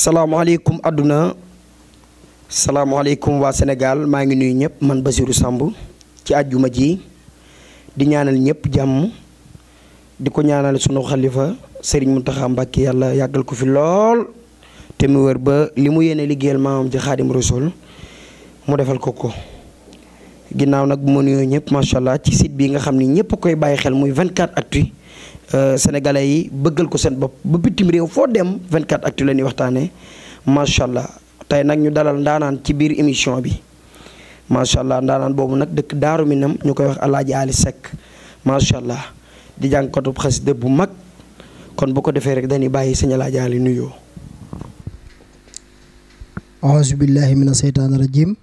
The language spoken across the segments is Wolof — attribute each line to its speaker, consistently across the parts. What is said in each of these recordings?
Speaker 1: salaamaaleykum àdduna salaamaaleykum waa senegal maa ngi nuyu ñëpp man Basirou sàmb ci àjjuma ji di ñaanal ñëpp jàmm di ko ñaanal sunu xalifa mu Mountakha Mbacké yàlla yàggal ko fi lool te mu wër ba li mu yéene liggéeyal maamam ci Xaadim Rasul mu defal ko ko ginnaaw nag bu ma nuyoo ñëpp macha allah ci site bi nga xam ni ñëpp koy bàyyi xel muy vingt 24 actu Euh, sénégalais yi bëggal ko seen bopp ba pitim réew foo dem 24 actu la ñuy waxtaanee macha allah tey nag ñu dalal ndaanaan ci biir émission bi macha allah ndaanaan boobu nag dëkk Daaru Minam ñu koy wax Alaaji Ali Seck macha allah di jànkatub xasida bu mag kon bu ko defee rek dañuy bàyyi sëñ Alaaji Ali nuyoo.
Speaker 2: aouzu billahi mina seytaani rajim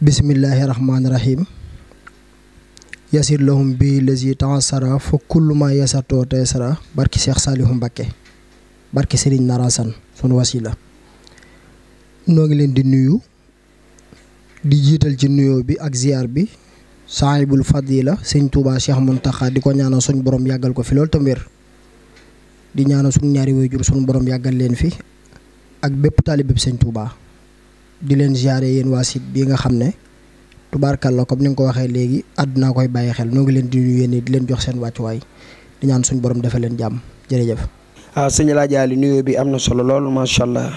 Speaker 2: bismillahi rahmaani rahim. yasir lahum bi lazi tansara fa kullu ma yasartoo taysara barki Cheikh Saliou Mbacké barki Serigne Narasan sunu wasila noo ngi leen di nuyu di jiital ci nuyoo bi ak ziar bi fat la fadila sëñ Touba mun Mountakha di ko ñaanal suñ boroom yàggal ko fi loolu tam di ñaanal suñ ñaari waajur suñu boroom yàggal leen fi ak bépp taalibeb sëñ Touba di leen ziare yéen waa bi nga xam ne tubaarkàlla comme ni nga ko waxee léegi àdduna koy bàyyi xel noo ngi leen di nuyu yéen di leen jox seen wàccuwaay di ñaan suñ borom defal leen jàmm jërëjëf.
Speaker 1: ah sëñ Alaaji Ali nuyoo bi am na solo lool macha allah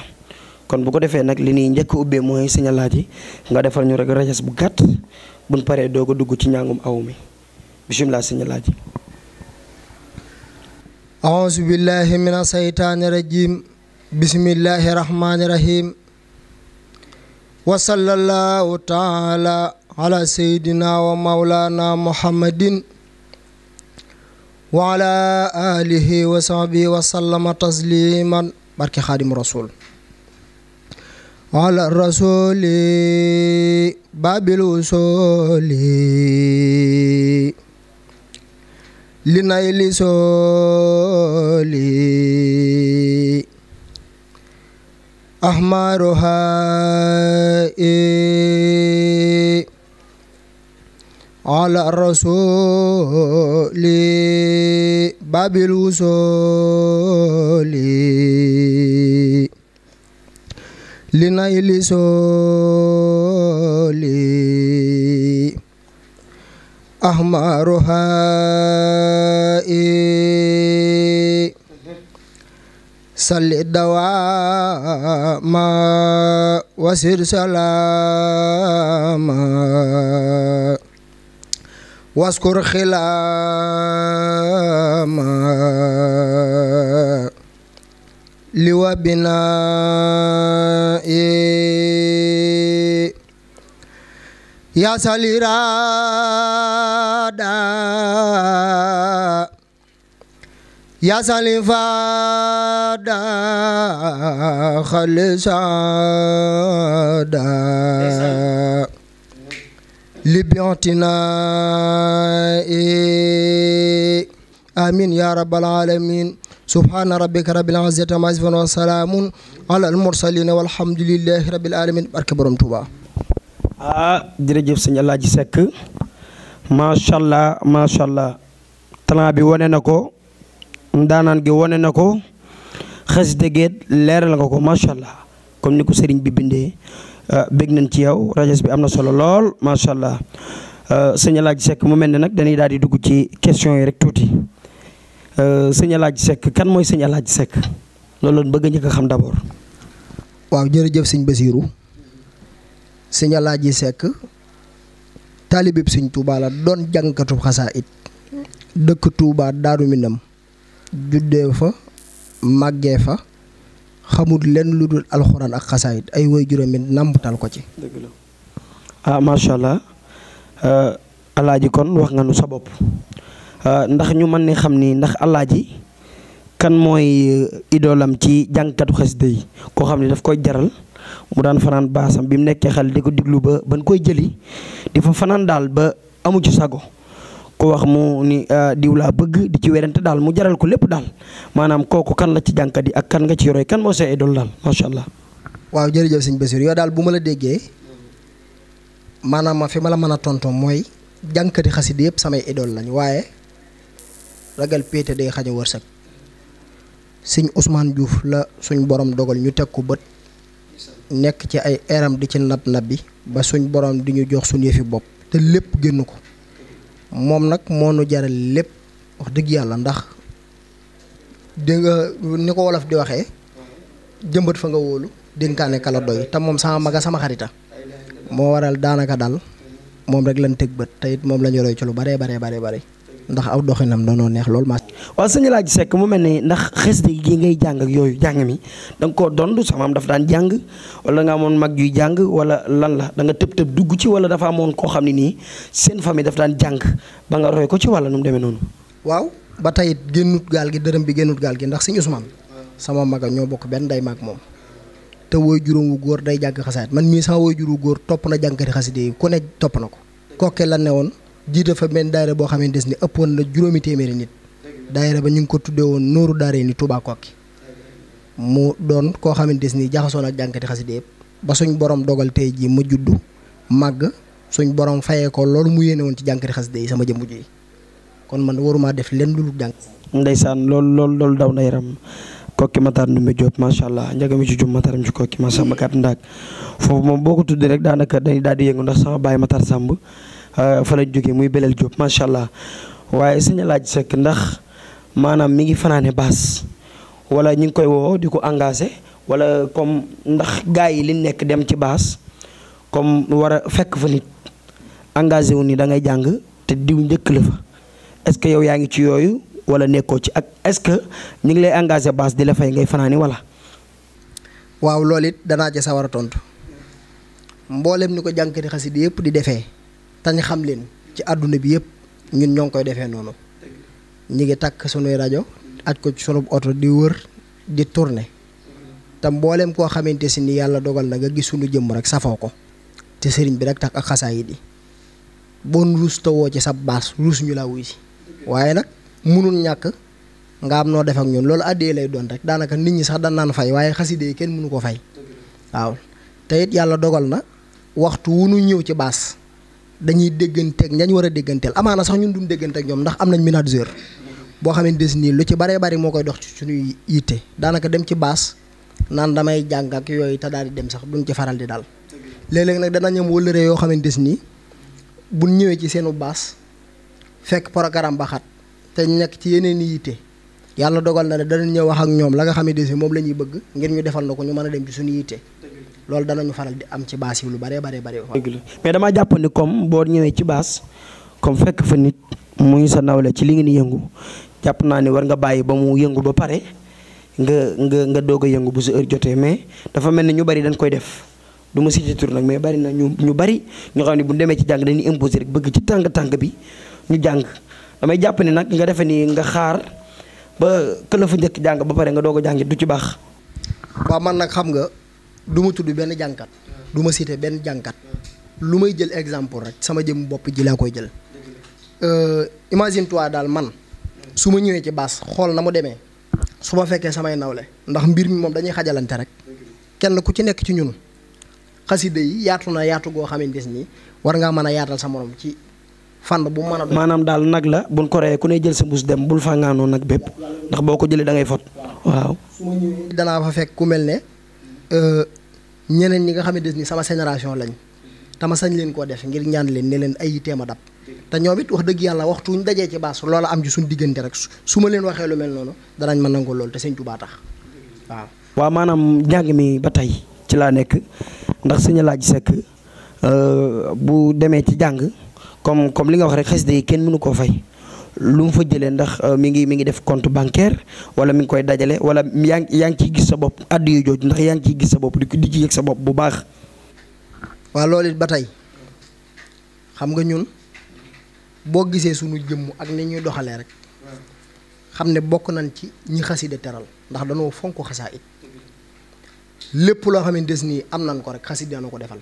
Speaker 1: kon bu ko defee nag li ñuy njëkk ubbee mooy sëñ Alaaji nga defal ñu rek rajas bu gàtt buñ paree doo ko dugg ci njàngum aw mi bisimilah sëñ Alaaji.
Speaker 2: أعوذ بالله من الشيطان الرجيم بسم الله الرحمن الرحيم وصلى ala seydina wa mawlana muhammadin wa ala wa sahbihi wa sallama tasliman barke xaadim rasul ala rasuli babil usuli li nay li soli ahmaruha ala rasuli babil wusuli li soli ahmaruha i salli dawa ma wasir salama واسكر خلاما لوبناء يا ساليرادا يا سالفادا خلصادا لباعتنائي آمين يا رب العالمين سبحان ربك رب العزة عما يصفون وسلام على المرسلين والحمد لله رب العالمين barke borom Tuuba
Speaker 1: ah jërëjëf sëñ Alaaji Seck macha allah macha allah talent bi wane na ko ndaanaan gi wane na ko xasida gi leeral nga ko macha allah comme ni ko sëriñ bi bindee euh, bég nañ ci yow rajas bi am na solo lool macha allah euh, sëñ Alaaji Seck mu mel ni nag dañuy daal di dugg ci question yi rek tuuti euh, sëñ Alaaji Seck kan mooy sëñ Alaaji Seck loolu bëgg njëkk a xam d'
Speaker 2: abord. waaw jërëjëf sëñ Basiiru sëñ Alaaji sekk taalibib sëñ tuubaala doon jàngkatu xasaa it dëkk Tuubaa Daaru Minam juddee fa màggee fa. xamul lenn lu dul alxuraan ak xasaayit ay woy juróomi nàmbutal ko ci.
Speaker 1: dëgg ah macha allah ah, alaaji kon wax nga nu sa bopp ah, ndax ñu man ne xam ni ndax alaaji kan mooy eh, idoolam ci jàngkatu xasida yi koo xam ne daf koy jaral mu daan fanaan baasam bi mu nekkee xel di ko diglu ba ban koy jëli di fa fanaan daal ba amu ci sago. wax mu ni ah, diw laa bëgg di ci werante daal mu jaral ko lépp daal maanaam kooku kan la ci jànkat yi ak kan nga ci yore kan moo sa
Speaker 2: idol daal macha allah. waaw jërëjëf sëñ Bassir yow daal bu ma la déggee maanaam fi ma la mën a tontoo mooy jànkati xasid yëpp samay idol lañ waaye ragal péete day xañ a wërsëg sëñ Ousmane la suñ borom dogal ñu teg ko bët nekk ci ay eram di ci nab nab bi ba suñ borom di ñu jox suñu yëfi bopp te lépp génn ko. moom nag moo nu jaral lépp wax dëgg yàlla ndax dégg nga ni ko wolof di waxee jëmbët fa nga wóolu dénkaane kala doy te moom sama maga sama xarita moo waral daanaka daal moom rek lan teg bët te it moom la ñu roy ci lu baree baree baree bare ndax aw doxinam doonoo neex loolu ma waaw sëñ sekk Seck mu mel ne ndax xasida yi ngay jàng yooyu jàng mi da
Speaker 1: nga koo dond sama am dafa daan jàng wala da nga amoon mag yuy jàng wala lan la da nga tëb tëb dugg ci wala dafa amoon koo xam ne nii seen famille dafa daan jàng ba nga roy ko ci wala nu mu demee noonu.
Speaker 2: waaw ba tey it génnut gaal gi dërëm bi génnut gaal gi ndax sëñ Ousmane sama maga ñoo bokk benn day maag moom te woy juróom wu góor day jàng xasaat man mii sama woy jur góor topp na jàngkati xasida yi ku ne topp na ko kokke la ne woon jiite fa benn daayira boo xam ne des ni ëppoon na juróomi téeméeri nit daayira ba ñu ngi ko tuddee woon nooru daara ni Touba Kokki mu doon koo xamante ni jaxasoon ak jànkati xasida yëpp ba suñ borom dogal tey jii mu juddu màgg suñ borom fayee ko loolu mu yéene woon ci jànkati xasida yi sama jëmbu ji kon man waruma def lenn lu jànk.
Speaker 1: ndeysaan loolu lool loolu daw na yaram kokki Matar Ndoumbé Diop macha allah njëgam ci jum mataram ci kokki ma sàmmkat ndaag foofu moom boo ko tuddee rek daanaka dañuy daal di yëngu ndax sama baay Matar Samb. Euh, fa la jógee muy Belel Diop macha allah waaye sëñ laaj sekk ndax maanaam mi ngi fanaane baas wala ñi ngi koy woo di ko engagé wala comme ndax gars yi li nekk dem ci baas comme war a fekk fa nit engagé wu ni da ngay jàng te diw njëkk la fa est-ce que yow yaa ngi ci yooyu wala nekkoo ci ak est-ce que ñu ngi lay engagé baas di la fay ngay fanaani wala.
Speaker 2: waaw loolu it danaa ca sawar a tontu mboolem ni ko jànkati xasida yëpp di defee. tañ xam leen ci àdduna bi yëpp ñun ñoo ngi koy defee noonu ñu ngi takk sunuy rajo aj ko ci sunu oto di wër di tourner te mbooleem koo xamante si ni yàlla dogal na nga gis sunu jëmm rek safoo ko te sëriñ bi rek tax ak xasaayid yi boo ruus tawoo ci sa baas ruus ñu laa wuy si waaye nag mënul ñàkk nga am noo def ak ñun loolu àddee lay doon rek daanaka nit ñi sax dañ naan fay waaye xaside yi kenn mënu ko fay waaw te yàlla dogal na waxtu wu nu ñëw ci baas dañuy dégganteeg ñañ war a dégganteel amaana sax ñun duñ dégganteeg ñoom ndax am nañ manager boo xamante nii lu ci baree bari moo koy dox ci suñuy yitte daanaka dem ci baas naan damay jàng ak yooyu te daal di dem sax duñ ci faral di daal. léeg-léeg nag dana ñoom wëllëree yoo xamante ni buñ ñëwee ci seenu baas fekk programme ba xat nekk ci yeneen i yàlla dogal na ne danañ ñëw wax ak ñoom la nga xamante ni moom la ñuy bëgg ngir ñu defal na ko ñu mën a dem ci suñu yitte. loolu dana ñu faral di am ci baas yi lu bare bare bare mais dama
Speaker 1: jàpp ni comme boo ñëwee ci baas comme fekk fa nit muy sa nawle ci li ngeen yëngu jàpp naa ni war nga bàyyi ba mu yëngu ba pare nga nga nga doog a yëngu bu si heure jotee mais dafa mel ni ñu bari dañ koy def du ma si ci nag mais bari na ñu ñu bari ñu xam ne bu ñu demee ci jàng dañuy imposer rek bëgg ci tàng tànk bi ñu jàng damay jàpp ni nag nga defe
Speaker 2: ni nga xaar ba këla fa njëkk jàng ba pare nga doog a jàng du ci baax. waaw man nag xam nga. du ma tudd benn jànkat du ma cité benn jànkat lu may jël exemple rek sama jëm bopp ji laa koy jël euh, imagine toi daal man su ma ñëwee ci baas xool na mu demee su ma fekkee samay nawle ndax mbir mi moom dañuy xajalante rek kenn ku ci nekk ci ñun xasida yi yaatu na yaatu goo xamante ni war ngaa mën a yaatal sa morom ci fànn bu mën a maanaam
Speaker 1: daal nag la buñ ko ku ne jël sa bus dem bul fàngaanoo nag bépp ndax boo ko jëlee da ngay fot waaw. su
Speaker 2: ma ñëwee danaa ñeneen ñi nga xamante ni sama génération lañ tama sañ leen koo defe ngir ñaan leen ne leen ay yiteem a dab te ñoom it wax dëgg yàlla waxtu ñu dajee ci baas loola am ci suñ diggante rek su ma leen waxee lu mel noonu danañ ma nango loolu te sëñ Tuubaa tax waaw
Speaker 1: waaw maanaam njàng mi ba tey ci laa nekk ndax sëñ Alaaji Sekk euh, bu demee ci jàng comme comme li nga wax rek xasida yi kenn mënu koo fay lu mu fa jëlee ndax euh, mi ngi mi ngi def compte bancaire wala mi ngi koy dajale wala yaa ngi yaa ngi ciy gis sa bopp addu yu
Speaker 2: jooju ndax yaa ngi ciy gis sa bopp di ci sa bopp bu baax. waaw lool it ba tey xam nga ñun boo gisee sunu jëmm ak ni ñuy doxalee rek xam ne bokk nañ ci ñi xasida teral ndax dañoo fonk xasaa it lépp loo xam ne des nii am nañ ko rek xasida na ko defal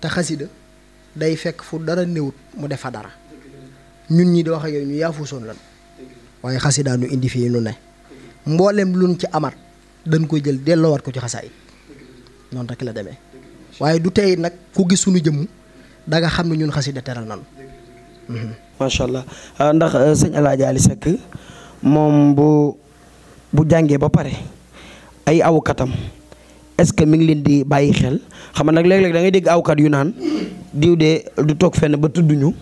Speaker 2: te xasida day fekk fu dara néewut mu def fa dara. ñun ñi di wax ak yow ñu yaafuusoon lan waaye xasida nu indi fii nu ne mboolem luñ ci amaat dañ koy jël wat ko ci xasaayit noonu rek la demee waaye du tey nag ku gis suñu jëmm da nga xam ne ñun xasida teral nan
Speaker 1: mhm. macha allah ah, ndax ah, sëñ El moom bu bu jàngee ba pare ay awkatam est-ce que mi ngi leen di bàyyi xel xam nga nag léeg-léeg da ngay dégg awkat yu naan diw de du toog fenn ba tudd ñu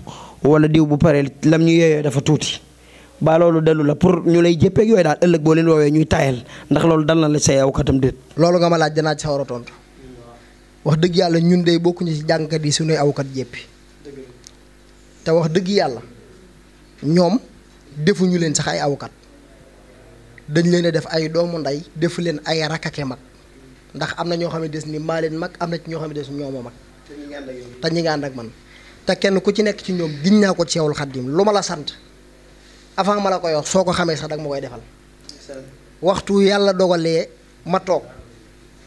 Speaker 1: wala diw bu paree lam ñu yooyoo dafa tuuti baa loolu dellu la pour ñu lay jëppeeg yooyu daal ëllëg boo leen woowee ñuy tayal ndax loolu dal na la sa yow
Speaker 2: katam déet. loolu nga ma laaj danaa ci sawar a tontu wax dëgg yàlla ñun de bokkuñu ci jàngkat yi suñuy awkat jéppi te wax dëgg yàlla ñoom defuñu leen sax ay awkat dañ leen def ay doomu ndey defu leen ay rakake mag ndax am na ñoo xam ne des ni maa leen mag am na ci ñoo xam ne des ñoom a mag te nga ànd ak man. te kenn ku ci nekk ci ñoom giñ naa ko ci Seexul Xaddim lu ma la sant avant ma la koy wax soo ko xamee sax dag ma koy defal waxtu yàlla dogalee ma toog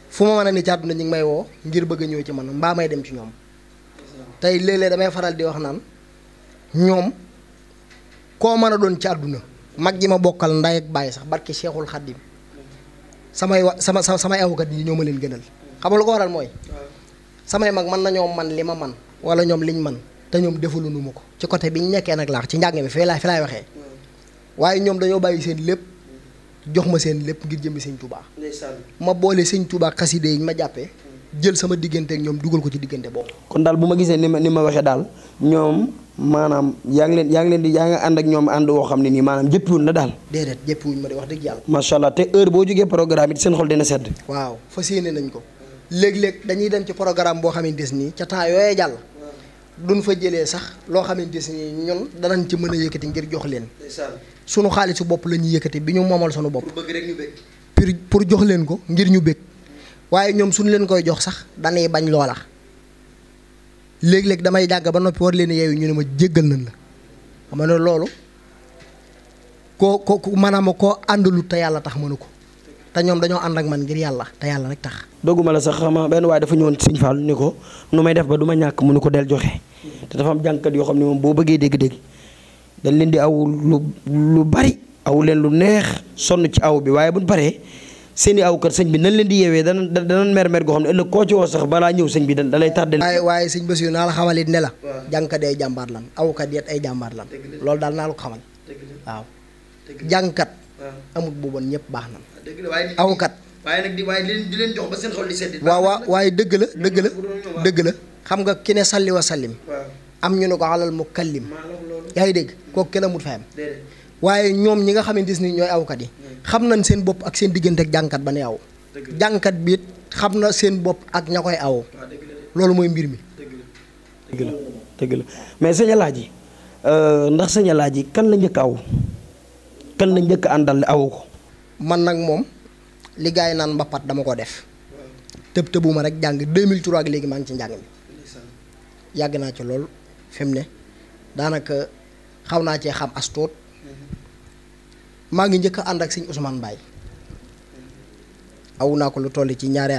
Speaker 2: fu ma mën a ni ci àdduna ñu may woo ngir bëgg a ñëw ci man mbaa may dem ci ñoom tey léeg damay faral di wax naan ñoom koo mën a doon ci àdduna mag ji ma bokkal nday ak bàyyi sax barki Seexul Xaddim samay wa sama samay awkat yi ñoo ma leen gënal xam nga ko waral mooy samay mag mën nañoo man li ma man wala ñoom liñ man te ñoom defalu nu ma ko ci côté bi ñu nekkee nag laax ci njàng mi fii laay fi laay waxee mm. waaye ñoom dañoo bàyyi seen lépp jox ma seen lépp ngir jëmbi sëñ Touba ma boole sëñ Touba xaside yi ma jàppee mm. jël sama diggante ak ñoom dugal ko ci diggante boobu kon daal bu
Speaker 1: ma gisee ni ma ni ma waxee daal ñoom maanaam yaa ngi leen yaa ngi leen di yaa ngi ànd ak ñoom ànd woo xam ne nii maanaam jëppiwuñ la daal
Speaker 2: déedéet jëppiwuñ ma di wax dëgg yàlla
Speaker 1: macha allah te boo jógee programme seen xol dina
Speaker 2: sedd waaw fas yéene nañ ko léeg-léeg dañuy dem ci programme boo xamante ni ca temps yooyee jàll duñ fa jëlee sax loo xamante ni ñun danañ ci mën a yëkkati ngir jox leen sunu xaalisu bopp la ñuy yëkkati bi ñu moomal sunu bopp pour pour jox leen ko ngir ñu bég waaye ñoom suñu leen koy jox sax dañuy bañ loola léeg-léeg damay jàgg ba noppi war leen yeeyu ñu ne ma jéggal nañ la xam ne loolu koo ko maanaam ànd lu te yàlla tax mënu ko te ñoom dañoo ànd ak man ngir yàlla te yàlla rek tax.
Speaker 1: dogguma la sax xama benn waaye dafa ñëwoon Sëñ Fall ni ko nu may def ba duma ñàkk mu ni ko del joxe te dafa am jànkat yoo xam ne moom boo bëggee dégg-dégg dañ leen di aw lu lu bari aw leen lu neex sonn ci aw bi waaye buñ paree seeni aw kër sëñ bi nañ leen di yeewee dana dana mer mer goo xam ne ëllëg koo ci woo sax balaa ñëw sëñ bi da lay tardé. waaye
Speaker 2: waaye sëñ bés yu naa la xamalit ne la. jànkat ay jàmbaar lan awkat yet ay jàmbaar lan. loolu daal naa la ko xamal waaw jànkat Ah. amut bu bon ñëpp baax na. awkat
Speaker 1: waaye nag di waaye di leen jox ba seen xol waaw waaye
Speaker 2: dëgg la dëgg la dëgg la xam nga ki ne salli sallim. am ñu ne ko alal mu kallim. yaa ngi dégg kooku kenn amut fayam. waaye ñoom ñi nga xamante ni ñooy awkat yi. Hmm. xam nañ seen bopp ak seen diggante ak jànkat ba ne aw. jànkat bi xam na seen bopp ak ña koy aw. loolu mooy mbir mi. dëgg la mais sëñ Alaaji euh, ndax sëñ yi kan la njëkk aw. kan la njëkk àndal awu ko. man nag moom li yi naan mbappat dama ko def tëb tëbuma rek jàng 2003 ak léegi maa ngi ci njàng mi yàgg naa ci lool fi ne daanaka xaw naa cee xam as maa ngi njëkk ànd ak siñ Ousmane Baye awu naa ko lu toll ci ñaari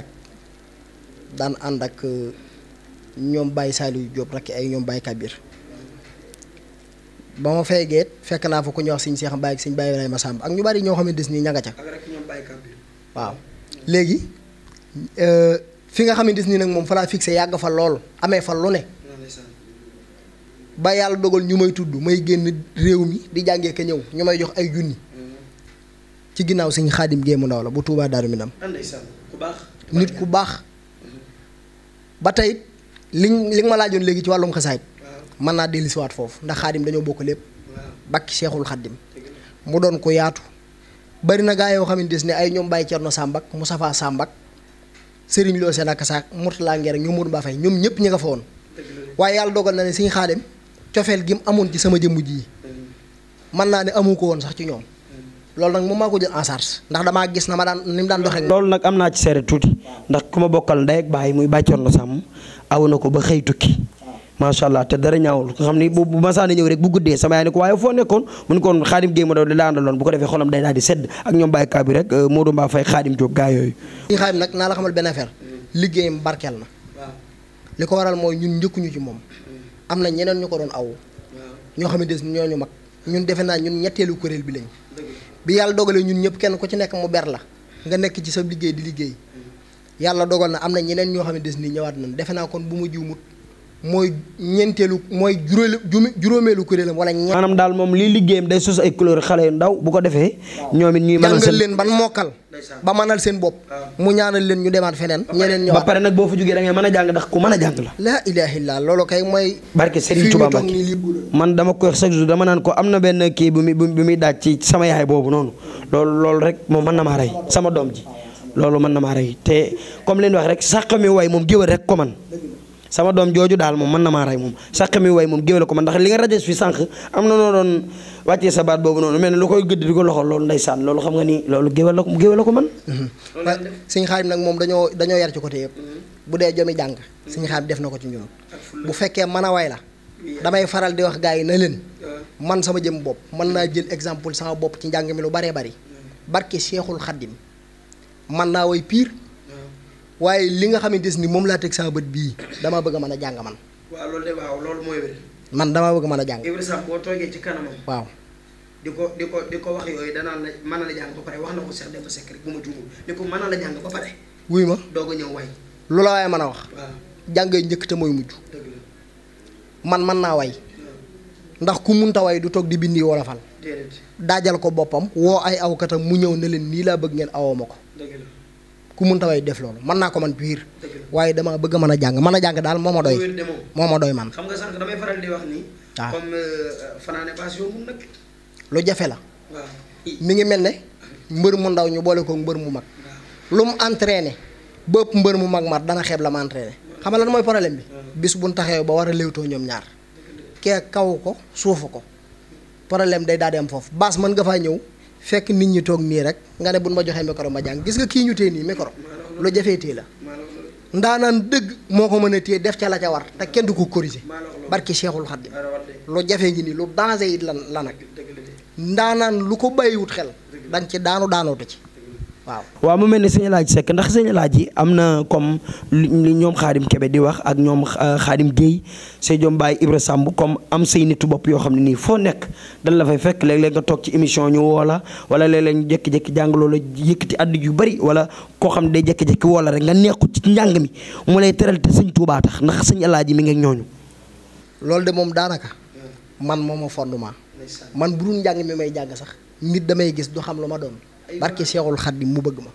Speaker 2: daan ànd ak euh, ñoom Baye Saliou Diop rek ay ñoom Baye Kabir. ba ma fay fekk naa fa ku ñuy wax sëñ Seex Mbaye ak sëñ Baye ma Samba ak ñu bari ñoo xamante ni ña nga ca. waaw léegi euh, fi nga xamante ni nag moom fa laa fixé yàgg fa loolu amee fa lu ne. ba yàlla dogal ñu may tudd may génn réew mi di jàngee ka ñëw ñu may jox ay junni. ci ginnaaw sëñ Xaadim Géemu Ndaw la bu Touba Daaru Minam. Ah, nit ku baax. ba tey li li nga ma laajoon léegi ci wàllum xasaayit mën naa dellu siwaat foofu ndax xaadim dañoo bokk lépp bakki seexul xaddim mu doon ko yaatu bari na gaa yoo xamante ne ay ñoom Baye Thierno Sambak Moustapha Sambak Serigne Lo Sénaka Saak Mourtala Nguer ñu mën ba fay ñoom ñëpp ñi nga fa woon waaye yàlla na ne suñu xaadim cofeel gi mu amoon ci sama jëmm ji mën naa ne amu ko woon sax ci ñoom loolu nag moom maa ko jël en ndax damaa gis na ma daan ni mu daan loolu nag
Speaker 1: am naa ci seere tuuti ndax ku ma bokkal ndey ak baay muy bàccoon na sàmm aw na ko ba xëy tukki. macha allah te dara ñaawul nga xam ni bu masaana ñëw rek bu guddee sama yaay ne ko waaye foo nekkoon mu koon xaadim géey ma doon di bu ko defee xolam day daal di sedd ak ñoom bàyyi kaa bi rek euh, Modou Mba Faye xaadim Diop gaa yooyu
Speaker 2: ñi xaadim nag naa la xamal benn affaire mm. liggéeyam barkeel na li ko waral mooy ñun njëkkuñu ci moom mm. am na ñeneen ñu ko doon aw ñoo xamante ne ñooñu mag ñun defe naa ñun ñetteelu kuréel bi lañ bi yàlla dogalee ñun ñëpp kenn ku ci nekk mu ber la nga nekk ci sa liggéey di liggéey mm. yàlla dogal na am na ñeneen ñoo xamante ne ñëwaat nañ defe naa kon bu ma juumut mooy ñeenteelu mooy juróomeelu kuréelam wala ñeent. maanaam daal moom li liggéeyam day sos ay couleur xale yu ndaw bu ko defee. ñoom it ñuy mënal seen leen ban mokkal. ba mënal seen bopp. mu ñaanal leen ñu demaat feneen. ñeneen ñëwaat ba pare nag boo fa jógee da mën a jàng ndax ku mën a jàng la. laa ilaaha illallaah loolu kay mooy.
Speaker 1: barke Serigne Touba Mbacké man dama koy wax chaque dama naan ko am na benn kii bu muy bu muy daaj ci sama yaay boobu noonu loolu loolu rek moom man na maa rey sama doom ji loolu mën na maa rey te comme leen wax rek sàq mi way moom géwël rek ko man sama doom jooju daal moom mën na maa rey moom sàq mi way moom géwél ko man ndax li nga rajo fi sànq am na noo doon wàccee sa baat boobu noonu mel ne lu koy gëdd di ko loxo loolu ndeysaan loolu xam nga ni loolu géwél la ko ko man
Speaker 2: mm-hmm. suñu xaalim nag moom dañoo dañoo yar ci côté yëpp mm-hmm. bu dee jomi jàng suñu xaalim def na ko ci ñoom bu fekkee man a way la damay faral di wax gars yi na leen man sama jëm bopp man naa jël exemple sama bopp ci njàng mi lu baree bari barke Seexul Xaddim man naa way waaye li nga xamante ni moom laa teg sama bët bii damaa bëgg a mën a jàng man.
Speaker 1: waaw loolu de waaw loolu mooy wér.
Speaker 2: man damaa bëgg a mën a jàng. Ibrahima
Speaker 1: boo toogee ci kanamam. waaw. di ko di di ko wax yooyu danaan la la jàng ba pare wax na ko Cheikh Demba Seck rek bu ma juumul man ko mën wuy ma
Speaker 2: doog a ñëw waay. lu mën a wax. waaw jàngay njëkk mooy mujj. man naa way. ndax ku munta way du toog di bindi wolofal. daajal ko boppam. woo ay awkatam mu ñëw ne leen nii laa bëgg ngeen awoo ma ko. ku mënta way def loolu mën naa ko man piir waaye dama bëgg a mën a jàng mën a jàng daal moo ma doy moo ma doy man xam
Speaker 1: nga sànq damay faral di ah. euh,
Speaker 2: lu jafe la mu ngi mel ne mbër mu ndaw ñu boole ko mbër mu mag lu mu entraîné bëpp mbër mu mag mat dana xeeb la ma entraîné xam nga lan mooy problème bi bis buñ taxee ba war a léewtoo ñoom ñaar kee kaw ko suufu ko problème day daal di foofu baas mën nga faa ñëw fekk nit ñi toog nii rek nga ne buñ ma joxee micro ma jàng gis nga kii ñu téye nii micro lu jafee téye la ndaanaan dëgg moo ko mën a téye def ca la ca war te kenn du ko corriger barki Cheikhul Khadim lu jafee ngi nii lu danger it la la nag ndaanaan lu ko bàyyiwut xel danga ci daanu daanootu ci waaw
Speaker 1: waaw mu mel ni sëñ Alaaji Seck ndax sëñ yi am na comme li ñoom xaadim Kebe di wax ak ñoom xaadim euh, Guèye Seydou Mbaye Ibra Samb comme am say nitu bopp yoo xam ne nii foo nekk dañ la fay fekk léeg-léeg nga toog ci émission ñu woo la wala léeg-léeg ñu jékki-jékki jàngaloo la yëkkati àdd yu bari wala koo xam ne day jékki-jékki woo rek nga nekkut ci njàng mi mu lay teral te sëñ Tuubaa tax ndax sëñ Alaaji mi ngi ak ñooñu.
Speaker 2: loolu de moom daanaka man moom a fondement man bu dul njàng may jàng sax nit damay gis du xam lu ma doon barke Seexul Xaadim mu bëgg ma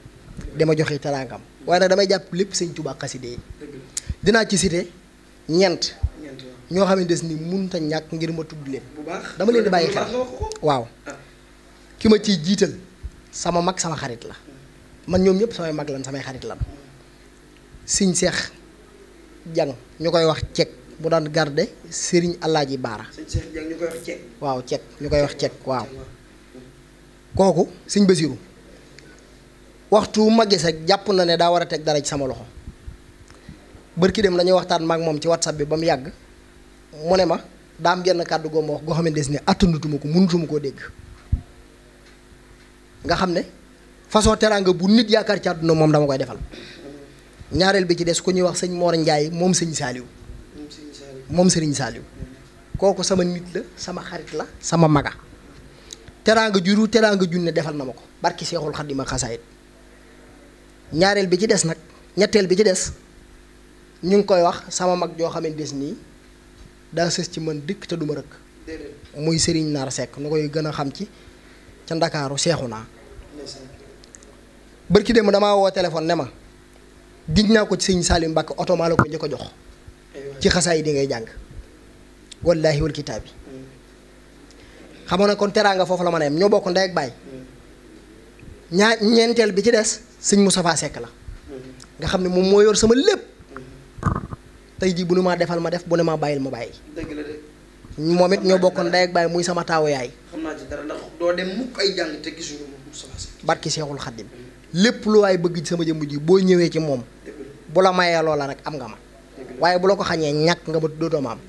Speaker 2: dama joxe teraangam waaye nag damay jàpp lépp sëñ Tuubaa si yi dinaa ci cité ñeent ñoo xamante ni munta ñàkk ngir ma tudd leen dama leen di bàyyi xel waaw ah. ki ma ciy jiital sama mag sama xarit la man ñoom ñëpp samay mag lan samay xarit lan sëñ Seex Jang ñu koy wax cek mu daan garde sëriñ Alaaji Baara waaw cek ñu koy wax cek waaw kooku sëñ Basiru waxtu ma gis jàpp na ne daa war a teg dara ci sama loxo bërki dem dañuy waxtaan maak moom ci whatsapp bi ba mu yàgg mu ne ma daam am genn kàddu goo ma wax goo xam ne ne attanutuma ko mënutuma koo dégg nga xam ne façon teraanga bu nit yaakaar ci àdduna moom dama koy defal ñaareel bi ci des ku ñuy wax sëñ moor njaay moom sëñ Saaliw moom sëriñ Saaliw kooku sama nit la sama xarit la sama maga teraanga juru teraanga junne defal na ma ko barki seexul ma xasaayit ñaareel bi ci des nag ñetteel bi ci des ñu ngi koy wax sama mag joo xamante des nii daa sës ci man dëkk te duma rëkk muy sëriñ naar sekk nu koy gën a xam ci ca ndakaaru seexu naa bërki démb damaa woo téléphone ne ma diñ naa ko ci sëñ Salim Mbàkke oto maa la ko njëkk a jox ci xasaay di ngay jàng wallaahi wal kitaabi mm. xamoon na kon nga foofu la mën a yem ñoo bokk ndey ak baay ñaa ñeenteel bi ci des sëñ Moustapha Seck la nga xam ne moom moo yor sama lépp tey jii bu nu maa defal ma def bu ne maa bàyyil ma bàyyi. dëgg moom it ñoo bokkoon ndey ak baay muy sama taawu yaay.
Speaker 1: xam naa
Speaker 2: barki Seexul Xaddim lépp lu waay bëgg sama jëmm ji boo ñëwee ci moom bu la mayee loola rek am nga ma waaye bu la ko xañee ñàkk nga ma dootoo ma am.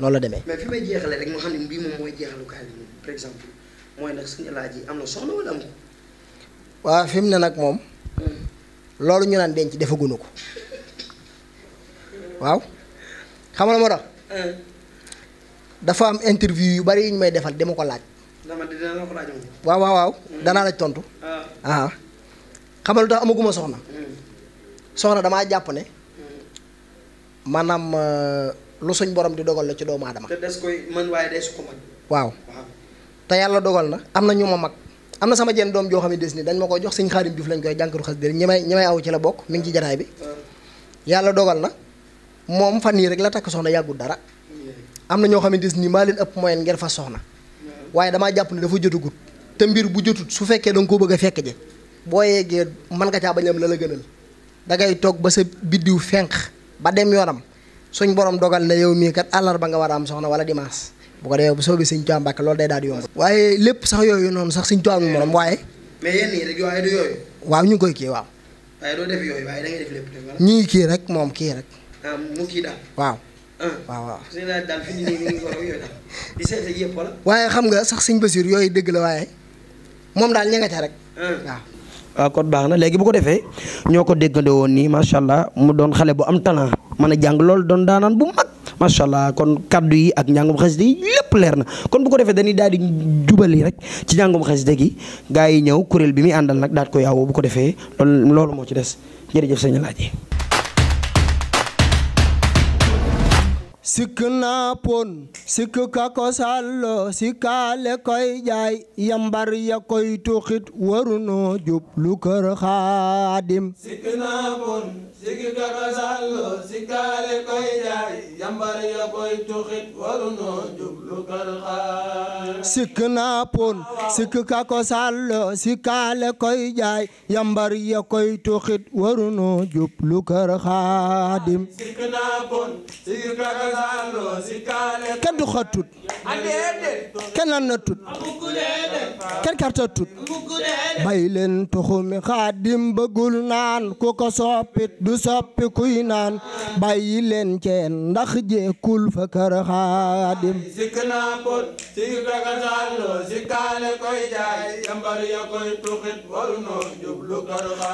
Speaker 2: noonu la demee. mais fi
Speaker 1: may jeexalee rek nga xam ne bii mooy jeexalu kaa par mooy nag yi am na soxna
Speaker 2: waaw fi mu ne nag moom. Hmm. loolu ñu naan denc defaguñu ko waaw xam nga moo tax. Hmm. dafa am interview yu bari yu ñu may defal dama ko laaj. waaw waaw waaw hmm. danaa la tontu. ah xam nga lu tax amaguma soxna. soxna damaa jàpp ne. maanaam. Euh, lu suñ boroom di dogal la ci doomu aadama.
Speaker 1: te des koy mën waaye des ko
Speaker 2: waaw te yàlla dogal na am na ñu ma mag am na sama jenn doom joo xam ne des ni dañ ma koy jox sëñ Xaadim Juuf lañ koy jànkuwul xas dëgg ñi may ñi may aw ci la bokk mi ngi ci jataay bi. Ah. yàlla dogal na moom fan yii rek la takk soxna yàggul dara. am na ñoo xam ne des ni maa leen ëpp moyen ngeen fas soxna. waaye damaa jàpp ne dafa jotagut. te mbir bu jotut su fekkee da nga koo bëgg a fekk je boo yeggee man nga caa bañ am la la gënal da ngay toog ba sa biddiw fenq ba dem yoonam suñ borom dogal na yow mii kat ba nga war a am soxna wala dimanche bu ko defee bu soobee sëñ loolu day daal di yomb. waaye sax yooyu noonu sax sëñ Tuubaa morom waaye.
Speaker 1: mais yenn ñu ngi koy kii waaw. yooyu waaye lépp de. ñu ngi kii
Speaker 2: rek moom kii rek. Ah, ah. waaw. waaw
Speaker 1: waaw.
Speaker 2: waaye xam nga sax sëñ Basiir yooyu dëgg la waaye moom daal ña nga ca rek. Ah. léegi bu ko defee
Speaker 1: ñoo ko déggandoo woon nii macha allah mu doon xale bu am talent mën a jàng lool doon daanaan bu mag macha allah kon kàddu yi ak njàngum xasida yi lépp leer na kon bu ko defee dañuy daal di jubali rek ci njàngum xasida gi gaa yi ñëw kuréel bi muy àndal nag daal koy awoo bu ko defee loolu loolu moo ci des jërëjëf
Speaker 2: sëñ Alaaji sikk naa pon sikk ka ko sàlloo sikkaale koy jaay yambar ya koy tuxit warunoo jub lu kër xaadim
Speaker 1: sikk naa pon sikk ka ko sàlloo sikkaale koy jaay yambar ya koy tuxit warunoo jub lu kër xaadim
Speaker 2: sikk naa pon sikk ka ko sàlloo sikkaale koy jaay yambar ya koy tuxit warunoo jub lu kër xaadim
Speaker 1: sikk naa pon sikk ka ko
Speaker 2: kenn du xool tut kenn lan na tut kenn karta tut bàyyi leen tuxumi xaadim bëggul naan ku ko soppit du soppi kuy naan bàyyi leen ceen ndax jeekul fa kër xaadim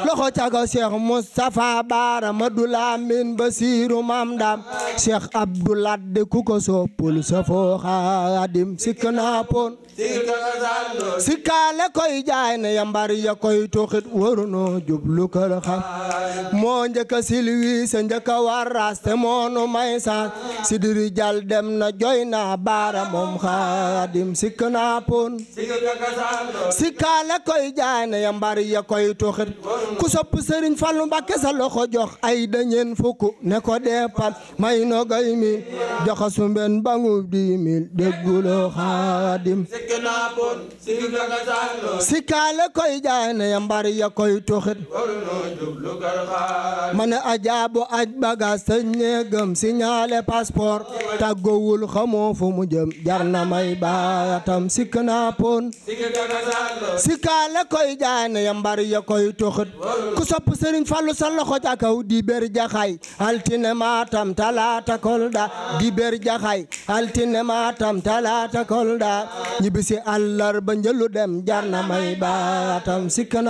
Speaker 2: loxo caga Cheikh Moustapha Baara Madou Lamine Basiru Mam Dam Cheikh Abdou du ladde ku ko soppul safoo xaadim sikk naa poon si kaale koy jaay ne yambar ya koy tuxit warunoo jublu kër xam moo njëkka silwi sa njëkka war raste moonu may saas si diri jal dem na joy baara moom xaadim sikk koy jaay ne yambar ya koy tuxit ku sopp sëriñ Fallu Mbàkke sa loxo jox ay dañeen fukk ne ko deepal may nogay mil joxa sumben bangub di xaadim sikaale koy jaay ne ya mbar ya koy tuxit ma ne ajaabu aj bagas te néegam signalé passeport tàggowul xamoo fu mu jëm may baatam sikaale koy jaay ya mbar koy tuxit ku sopp Sëriñ Fallu sa loxo ca kaw jaxay altine maatam talaata kolda di ber jaxay altine maatam talaata kolda ñi ñibbisi àllarba njëlu dem jar na may baatam sikka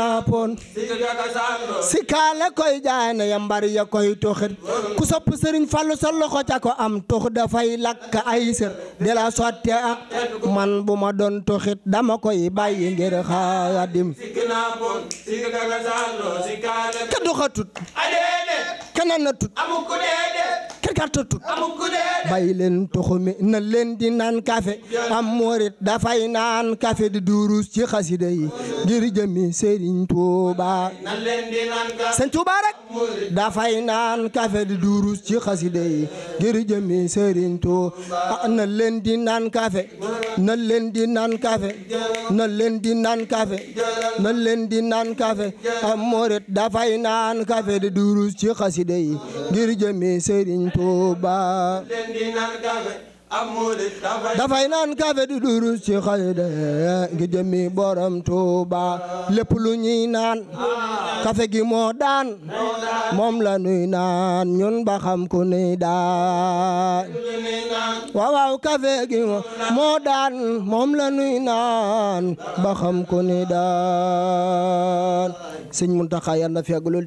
Speaker 2: koy jaay na yambar koy toxit ku sopp sëriñ Fallu sa loxo ca ko am tox dafay lakk ay sër di la ak man bu ma doon toxit dama koy bàyyi ngir xaadim ka tut bàyyi leen toxu mi na leen di naan kafe am moorit dafay tey naan kafe di durus ci xasida yi ngir jëmi Serigne Touba. Serigne Touba rek dafay naan kafe di durus ci xasida yi ngir jëmi Serigne Touba leen di naan na leen naan kafe na leen di naan kafe na leen dafay naan kafe di durus ci xayde ngi jëmi borom Tuuba lépp lu ñuy naan ah. kafe gi moo daan moom la nuy naan ñun ba xam ku daan waaw kafe gi moo daan moom la nuy naan ba xam ku nuy daan sëñ Muntaxa yàlla na fi yàgg lool